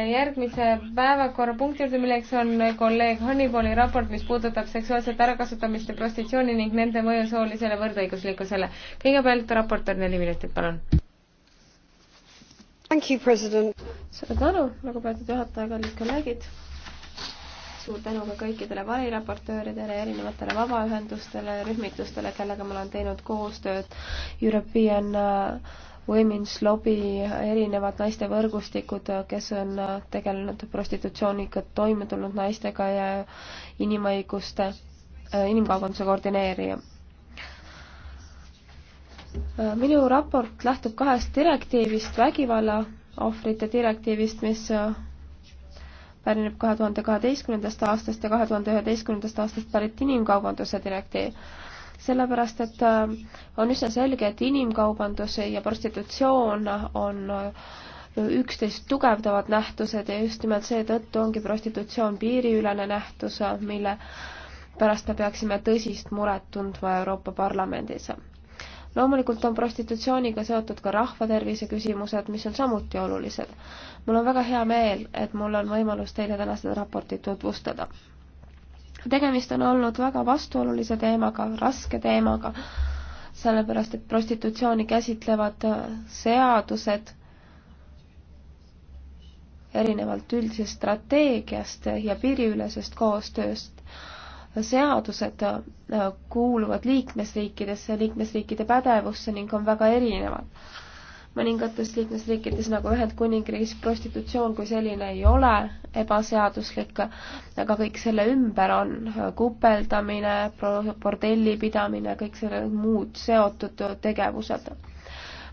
järgmise päevakorrapunkti juurde, milleks on kolleeg Hannibali raport, mis puudutab seksuaalset ärakasutamist ja prostitutsiooni ning nende mõju soolisele võrdõiguslikkusele. kõigepealt raportöör neli minutit, palun. suur tänu, lugupeetud juhataja, kallid kolleegid. suur tänu ka kõikidele variraportööridele, erinevatele vabaühendustele, rühmitustele, kellega ma olen teinud koostööd European uh, Women's Lobby, erinevad naistevõrgustikud, kes on tegelenud prostitutsiooniga, toime tulnud naistega ja inimõiguste, inimkaubanduse koordineerija. minu raport lähtub kahest direktiivist, vägivalla ohvrite direktiivist, mis pärineb kahe tuhande kaheteistkümnendast aastast ja kahe tuhande üheteistkümnendast aastast pärit inimkaubanduse direktiiv sellepärast et äh, on üsna selge, et inimkaubandus ja prostitutsioon on äh, üksteist tugevdavad nähtused ja just nimelt seetõttu ongi prostitutsioon piiriülene nähtus, mille pärast me peaksime tõsist muret tundma Euroopa Parlamendis. loomulikult on prostitutsiooniga seotud ka rahvatervise küsimused, mis on samuti olulised. mul on väga hea meel, et mul on võimalus teile täna seda raportit tutvustada tegemist on olnud väga vastuolulise teemaga, raske teemaga, sellepärast et prostitutsiooni käsitlevad äh, seadused erinevalt üldisest strateegiast ja piiriülesest koostööst seadused äh, kuuluvad liikmesriikidesse, liikmesriikide pädevusse ning on väga erinevad mõningates liikmesriikides nagu Ühendkuningriigis prostitutsioon kui selline ei ole ebaseaduslik, aga kõik selle ümber on kupeldamine, bordelli pidamine, kõik selle muud seotud tegevused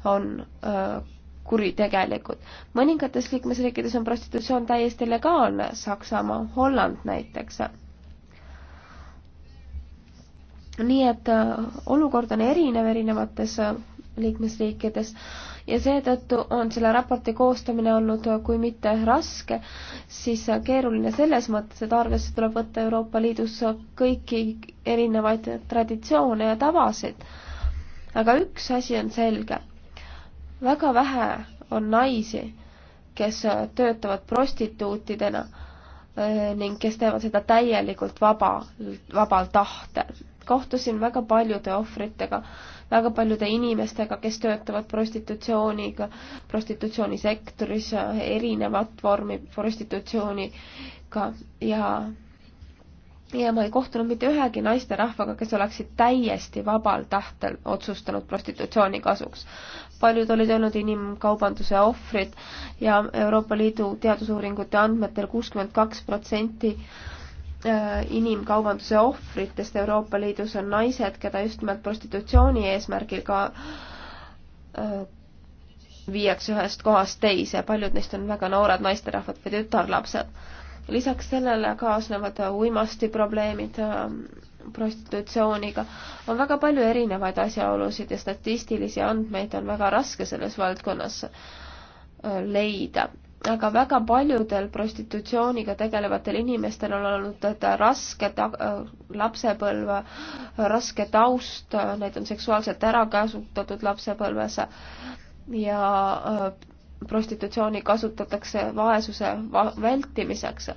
on kuritegelikud. mõningates liikmesriikides on prostitutsioon täiesti legaalne, Saksamaa, Holland näiteks nii et olukord on erinev erinevates liikmesriikides ja seetõttu on selle raporti koostamine olnud äh, kui mitte raske, siis äh, keeruline selles mõttes, et arvesse tuleb võtta Euroopa Liidus äh, kõiki erinevaid traditsioone ja tavasid. aga üks asi on selge, väga vähe on naisi, kes töötavad prostituutidena ning kes teevad seda täielikult vaba, vabal tahtel kohtusin väga paljude ohvritega, väga paljude inimestega, kes töötavad prostitutsiooniga, prostitutsioonisektoris, erinevat vormi prostitutsiooniga ja ja ma ei kohtunud mitte ühegi naisterahvaga, kes oleksid täiesti vabal tahtel otsustanud prostitutsiooni kasuks. paljud olid olnud inimkaubanduse ohvrid ja Euroopa Liidu teadusuuringute andmetel kuuskümmend kaks protsenti Äh, inimkaubanduse ohvritest Euroopa Liidus on naised, keda just nimelt prostitutsiooni eesmärgil ka äh, viiakse ühest kohast teise, paljud neist on väga noored naisterahvad või tütarlapsed. lisaks sellele kaasnevad uimasti probleemid äh, prostitutsiooniga. on väga palju erinevaid asjaolusid ja statistilisi andmeid on väga raske selles valdkonnas leida aga väga paljudel prostitutsiooniga tegelevatel inimestel on olnud raske lapsepõlve, raske taust, neid on seksuaalselt ära kasutatud lapsepõlves ja äh, prostitutsiooni kasutatakse vaesuse vältimiseks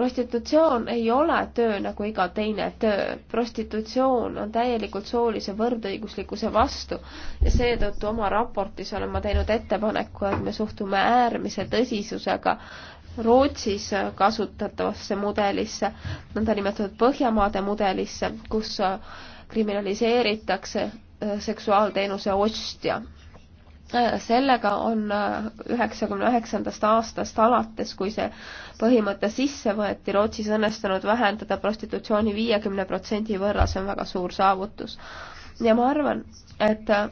prostitutsioon ei ole töö nagu iga teine töö. prostitutsioon on täielikult soolise võrdõiguslikkuse vastu ja seetõttu oma raportis olen ma teinud ettepaneku, et me suhtume äärmise tõsisusega Rootsis kasutatavasse mudelisse, nõndanimetatud Põhjamaade mudelisse, kus kriminaliseeritakse seksuaalteenuse ostja Äh, sellega on äh, üheksakümne üheksandast aastast alates, kui see põhimõte sisse võeti, Rootsis õnnestunud vähendada prostitutsiooni viiekümne protsendi võrra, see on väga suur saavutus. ja ma arvan, et äh,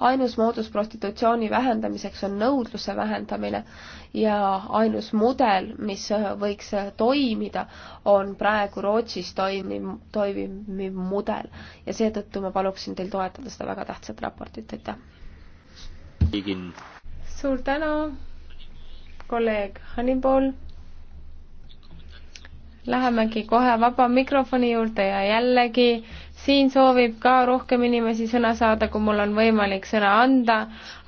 ainus moodus prostitutsiooni vähendamiseks on nõudluse vähendamine ja ainus mudel, mis võiks toimida, on praegu Rootsis toimiv, toimiv mudel. ja seetõttu ma paluksin teil toetada seda väga tähtsat raportit, aitäh! suur tänu, kolleeg Hannibal! Lähemegi kohe vaba mikrofoni juurde ja jällegi siin soovib ka rohkem inimesi sõna saada, kui mul on võimalik sõna anda.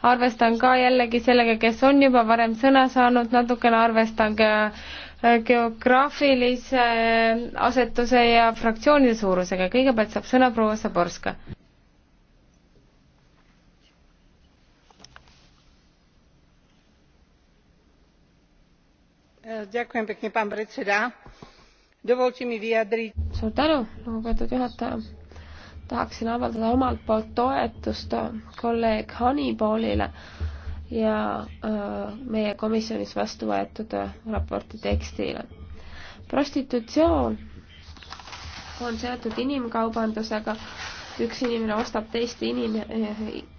arvestan ka jällegi sellega, kes on juba varem sõna saanud, natukene arvestan ka äh, geograafilise äh, asetuse ja fraktsioonide suurusega. kõigepealt saab sõna proua Saborska. Äh, suur tänu, lugupeetud juhataja tahaksin avaldada omalt poolt toetust kolleeg Hannibalile ja äh, meie komisjonis vastu võetud äh, raporti tekstile. prostitutsioon on seotud inimkaubandusega, üks inimene ostab teist inim-,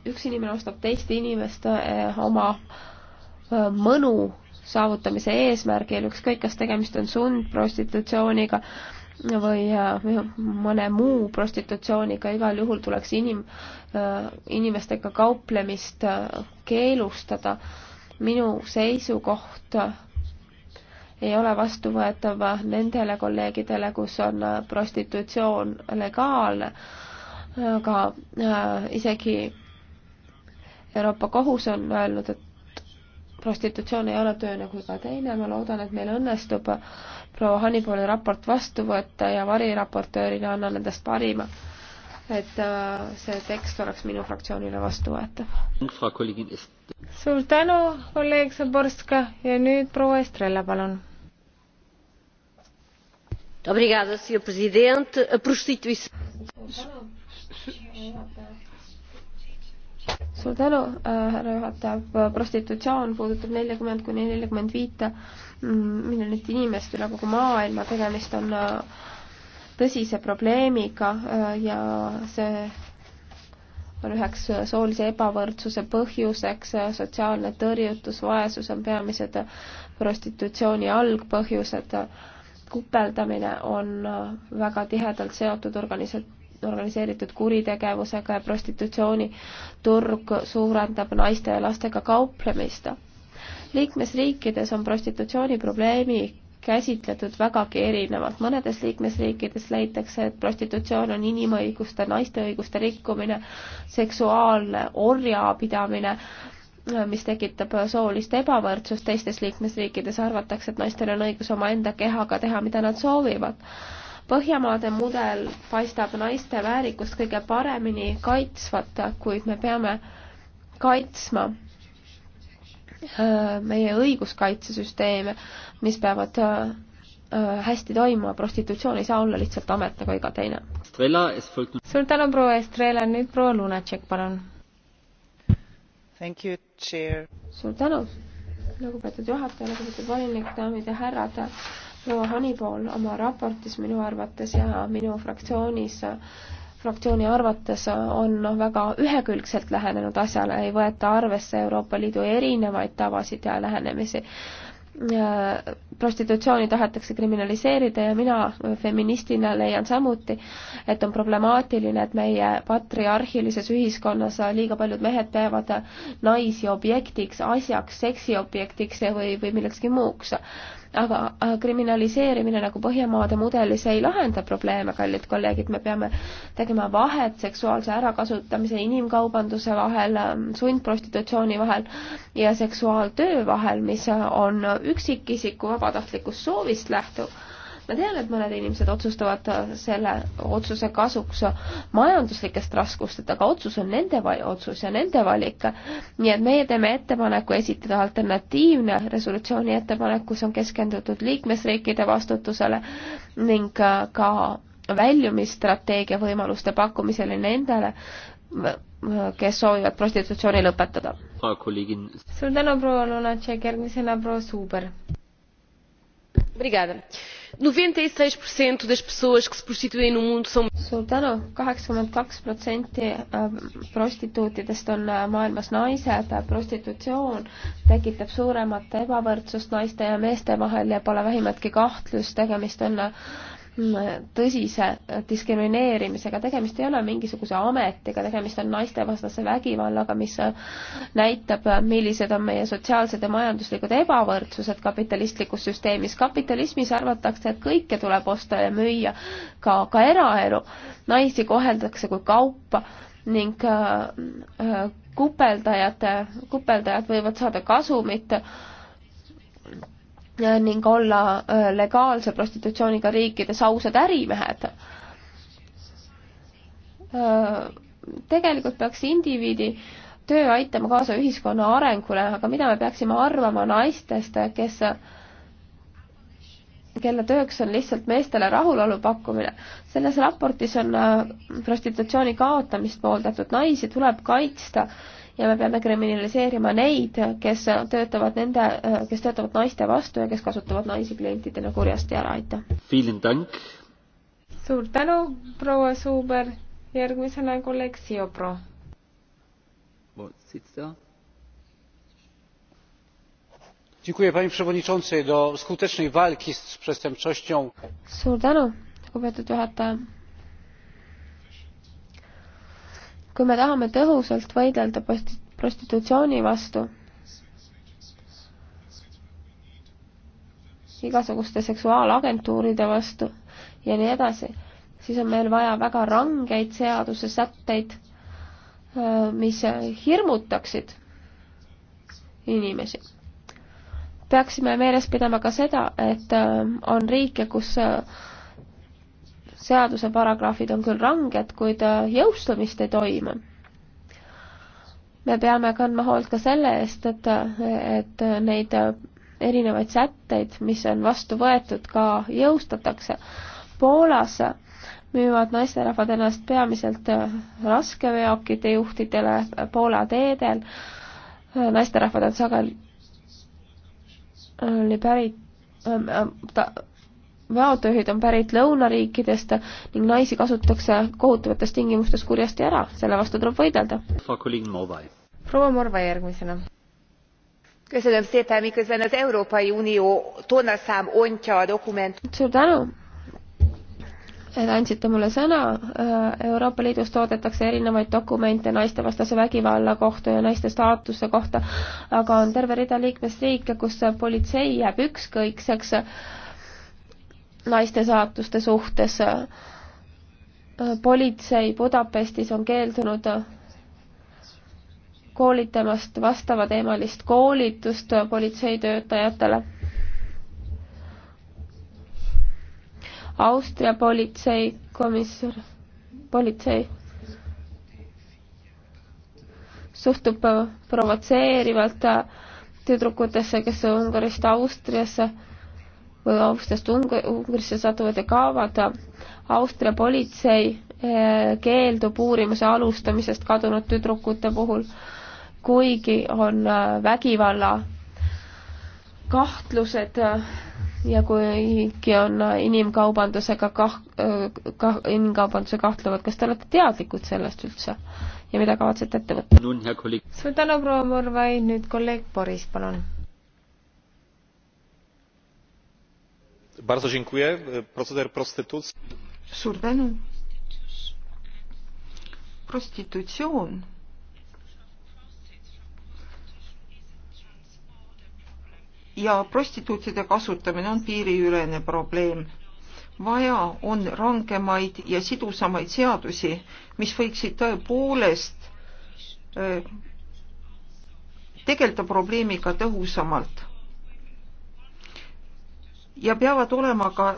üks inimene ostab teist inimest äh, oma mõnu saavutamise eesmärgil, ükskõik kas tegemist on sundprostitutsiooniga, või mõne muu prostitutsiooniga, igal juhul tuleks inim-, inimestega kauplemist keelustada. minu seisukoht ei ole vastuvõetav nendele kolleegidele, kus on prostitutsioon legaalne, aga äh, isegi Euroopa Kohus on öelnud, et prostitutsioon ei ole töö nagu iga teine, ma loodan, et meil õnnestub proua Hannibali raport vastu võtta ja variraportöörina annan endast parima, et äh, see tekst oleks minu fraktsioonile vastuvõetav. suur tänu, kolleeg Zaborska ja nüüd proua Estrella, palun. suur tänu suur tänu, äh, härra juhataja, prostitutsioon puudutab neljakümmend kuni neljakümmend viite mm, miljonit inimest üle kogu maailma, tegemist on äh, tõsise probleemiga äh, ja see on üheks soolise ebavõrdsuse põhjuseks, sotsiaalne tõrjutus, vaesus on peamised prostitutsiooni algpõhjused. kupeldamine on väga tihedalt seotud organisa-, organiseeritud kuritegevusega ja prostitutsiooni turg suurendab naiste ja lastega kauplemist. liikmesriikides on prostitutsiooni probleemi käsitletud vägagi erinevalt. mõnedes liikmesriikides leitakse, et prostitutsioon on inimõiguste, naiste õiguste rikkumine, seksuaalne orjapidamine, mis tekitab soolist ebavõrdsust, teistes liikmesriikides arvatakse, et naistel on õigus omaenda kehaga teha, mida nad soovivad Põhjamaade mudel paistab naiste väärikust kõige paremini kaitsvat, kuid me peame kaitsma äh, meie õiguskaitsesüsteeme, mis peavad äh, äh, hästi toimuma, prostitutsioon ei saa olla lihtsalt amet nagu iga teine. suur tänu, proua Estrela, nüüd proua Lunatšek, palun. suur tänu, lugupeetud juhataja, lugupeetud volinik, daamid ja härrad proua Hanipool oma raportis minu arvates ja minu fraktsioonis fraktsiooni arvates on väga ühekülgselt lähenenud asjale, ei võeta arvesse Euroopa Liidu erinevaid tavasid ja lähenemisi. Äh, prostitutsiooni tahetakse kriminaliseerida ja mina äh, feministina leian samuti, et on problemaatiline, et meie patriarhilises ühiskonnas äh, liiga paljud mehed peavad naisi objektiks, asjaks, seksiobjektiks või, või millekski muuks. aga kriminaliseerimine nagu Põhjamaade mudelis ei lahenda probleeme, kallid kolleegid, me peame tegema vahet seksuaalse ärakasutamise, inimkaubanduse vahel, sundprostitutsiooni vahel ja seksuaaltöö vahel, mis on üksikisiku vabatahtlikust soovist lähtub. ma tean, et mõned inimesed otsustavad selle otsuse kasuks majanduslikest raskustest, aga otsus on nende otsus ja nende valik. nii et meie teeme ettepaneku esitada alternatiivne resolutsiooni ettepanek, kus on keskendutud liikmesriikide vastutusele ning ka väljumisstrateegia võimaluste pakkumisele nendele kes soovivad prostitutsiooni lõpetada. suur tänu, proua Lunatšek, järgmisena proua Suuber. E suur tänu, kaheksakümmend kaks protsenti äh, prostituutidest on äh, maailmas naised, prostitutsioon tekitab suuremat ebavõrdsust naiste ja meeste vahel ja pole vähimatki kahtlust, tegemist on äh, tõsise diskrimineerimisega, tegemist ei ole mingisuguse ametiga, tegemist on naistevastase vägivallaga, mis näitab, millised on meie sotsiaalsed ja majanduslikud ebavõrdsused kapitalistlikus süsteemis. kapitalismis arvatakse, et kõike tuleb osta ja müüa, ka, ka eraelu. naisi koheldakse kui kaupa ning äh, äh, kupeldajate, kupeldajad võivad saada kasumit ning olla legaalse prostitutsiooniga riikides ausad ärimehed. tegelikult peaks indiviidi töö aitama kaasa ühiskonna arengule, aga mida me peaksime arvama naistest, kes kelle tööks on lihtsalt meestele rahulolu pakkumine. selles raportis on äh, prostitutsiooni kaotamist pooldatud, naisi tuleb kaitsta ja me peame kriminaliseerima neid, kes töötavad nende, äh, kes töötavad naiste vastu ja kes kasutavad naisi klientidena kurjasti ära, aitäh! suur tänu, proua Suuber, järgmisena kolleeg Siobro. vot, siit saab panie przewodniczący! do skutecznej walki z przestępczością kui me tahame tõhusalt võidelda prostitutsiooni vastu igasuguste seksuaalagentuuride vastu ja nii edasi siis on meil vaja väga rangeid seadusesätteid äh, mis hirmutaksid inimesi peaksime meeles pidama ka seda, et äh, on riike, kus äh, seaduse paragrahvid on küll ranged, kuid äh, jõustumist ei toimu. me peame kandma hoolt ka selle eest, et, et neid erinevaid sätteid, mis on vastu võetud, ka jõustatakse. Poolas müüvad naisterahvad ennast peamiselt raskeveokite juhtidele Poola teedel. naisterahvad on sageli oli pärit ähm, ähm, ta, väotööhid on pärit lõunariikidest ning naisi kasutatakse kohutavates tingimustes kurjasti ära, selle vastu tuleb võidelda. proua Morva järgmisena. suur tänu andsite mulle sõna. Äh, Euroopa Liidus toodetakse erinevaid dokumente naistevastase vägivalla kohta ja naiste staatuse kohta, aga on terve rida liikmesriike, kus politsei jääb ükskõikseks naiste saatuste suhtes. Äh, politsei Budapestis on keeldunud koolitamast vastavateemalist koolitust politseitöötajatele Austria politsei, komissar, politsei suhtub provotseerivalt tüdrukutesse, kes Ungarist Austriasse või Austriast Ungarisse satuvad ja kaovad. Austria politsei eh, keeldub uurimuse alustamisest kadunud tüdrukute puhul, kuigi on eh, vägivalla kahtlused ja kuigi on inimkaubandusega kah-, kah-, inimkaubanduse kahtlevad, kas te olete teadlikud sellest üldse ja mida kavatsete ette võtta? suur tänu, proua Murvai, nüüd kolleeg Boris, palun. suur tänu. prostitutsioon ja prostituutide kasutamine on piiriülene probleem. vaja on rangemaid ja sidusamaid seadusi, mis võiksid tõepoolest äh, tegeleda probleemiga tõhusamalt. ja peavad olema ka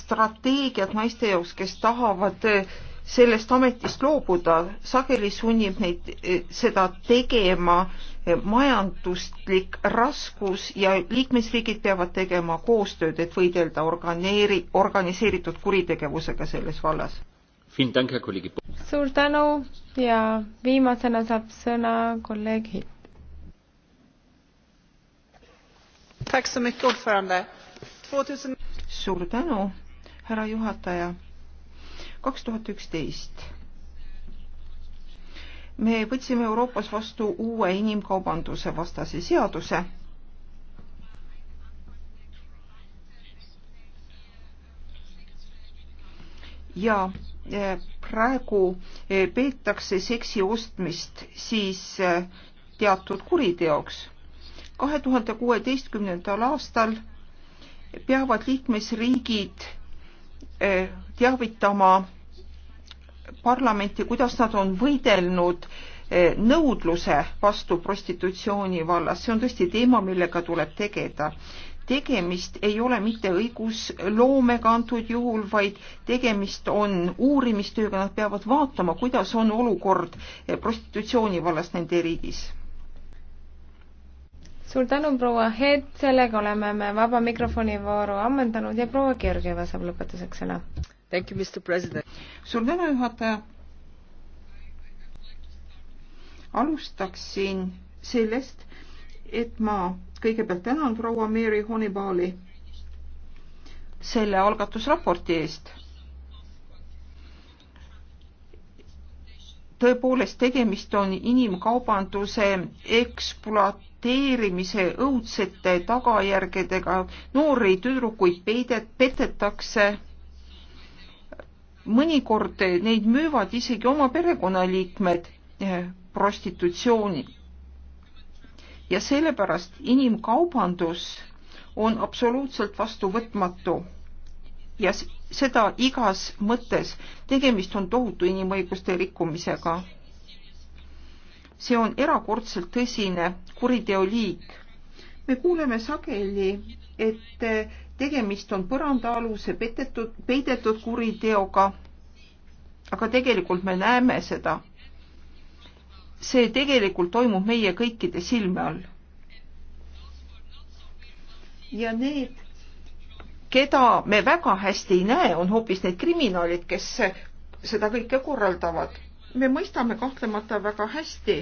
strateegiad naiste jaoks, kes tahavad äh, sellest ametist loobuda, sageli sunnib neid äh, seda tegema äh, majanduslik raskus ja liikmesriigid peavad tegema koostööd, et võidelda organeeri-, organiseeritud kuritegevusega selles vallas. suur tänu ja viimasena saab sõna kolleeg Hitt. suur tänu, härra juhataja. kaks tuhat üksteist me võtsime Euroopas vastu uue inimkaubanduse vastase seaduse. ja e, praegu e, peetakse seksi ostmist siis e, teatud kuriteoks. kahe tuhande kuueteistkümnendal aastal peavad liikmesriigid teavitama parlamenti, kuidas nad on võidelnud eh, nõudluse vastu prostitutsiooni vallas, see on tõesti teema, millega tuleb tegeleda. tegemist ei ole mitte õigusloomega antud juhul, vaid tegemist on uurimistööga, nad peavad vaatama, kuidas on olukord eh, prostitutsiooni vallas nende riigis suur tänu, proua Heet, sellega oleme me vaba mikrofoni vooru ammendanud ja proua Georgieva saab lõpetuseks sõna suur tänu, juhataja. alustaksin sellest, et ma kõigepealt tänan proua Mary Honeybaali selle algatusraporti eest. tõepoolest, tegemist on inimkaubanduse ekspluateerimise õudsete tagajärgedega. noori tüdrukuid peidet, petetakse mõnikord neid müüvad isegi oma perekonnaliikmed eh, prostitutsiooni. ja sellepärast inimkaubandus on absoluutselt vastuvõtmatu ja seda igas mõttes. tegemist on tohutu inimõiguste rikkumisega. see on erakordselt tõsine kuriteoliik. me kuuleme sageli, et eh, tegemist on põrandaaluse petetud, peidetud kuriteoga. aga tegelikult me näeme seda. see tegelikult toimub meie kõikide silme all. ja need, keda me väga hästi ei näe, on hoopis need kriminaalid, kes seda kõike korraldavad. me mõistame kahtlemata väga hästi,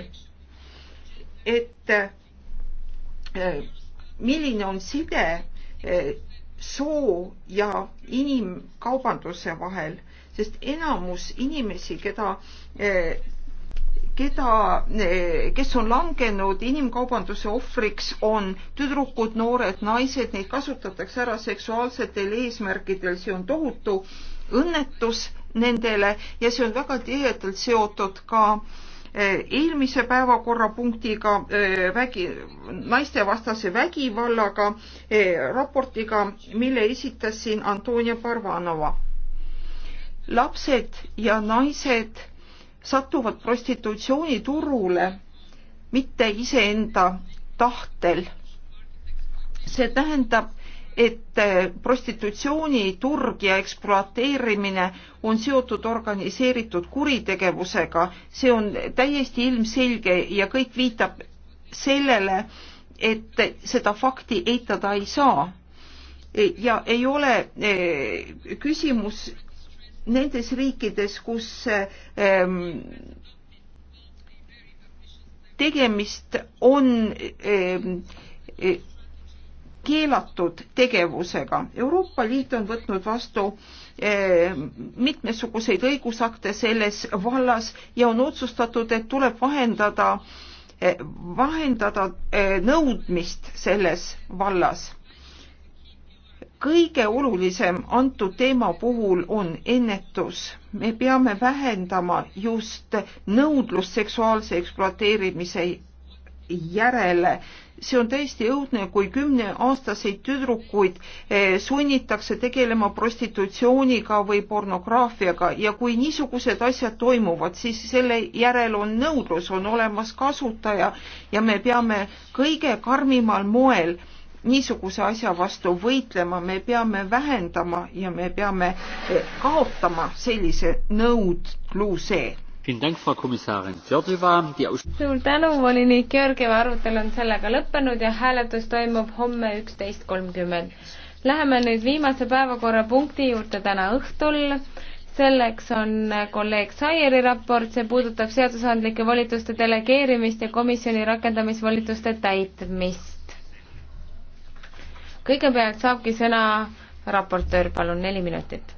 et eh, milline on side eh, soo ja inimkaubanduse vahel, sest enamus inimesi, keda keda, kes on langenud inimkaubanduse ohvriks, on tüdrukud, noored, naised, neid kasutatakse ära seksuaalsetel eesmärkidel, see on tohutu õnnetus nendele ja see on väga tihedalt seotud ka äh, eelmise päevakorrapunktiga e, vägi, naistevastase vägivallaga e, raportiga, mille esitas siin Antonia Parvanova. lapsed ja naised satuvad prostitutsiooniturule mitte iseenda tahtel. see tähendab, et eh, prostitutsiooniturg ja ekspluateerimine on seotud organiseeritud kuritegevusega, see on täiesti ilmselge ja kõik viitab sellele, et seda fakti eitada ei saa. ja ei ole eh, küsimus nendes riikides, kus ehm, tegemist on ehm, keelatud tegevusega. Euroopa Liit on võtnud vastu eh, mitmesuguseid õigusakte selles vallas ja on otsustatud, et tuleb vahendada, eh, vahendada eh, nõudmist selles vallas. kõige olulisem antud teema puhul on ennetus. me peame vähendama just nõudlust seksuaalse ekspluateerimise järele. see on täiesti õudne, kui kümneaastaseid tüdrukuid eh, sunnitakse tegelema prostitutsiooniga või pornograafiaga ja kui niisugused asjad toimuvad, siis selle järel on nõudlus, on olemas kasutaja ja me peame kõige karmimal moel niisuguse asja vastu võitlema, me peame vähendama ja me peame eh, kaotama sellise nõudluse suur tänu, volinik Georgieva arutelu on sellega lõppenud ja hääletus toimub homme üksteist kolmkümmend. Läheme nüüd viimase päevakorrapunkti juurde täna õhtul. selleks on kolleeg Saieri raport, see puudutab seadusandlike volituste delegeerimist ja komisjoni rakendamisvolituste täitmist. kõigepealt saabki sõna raportöör, palun, neli minutit.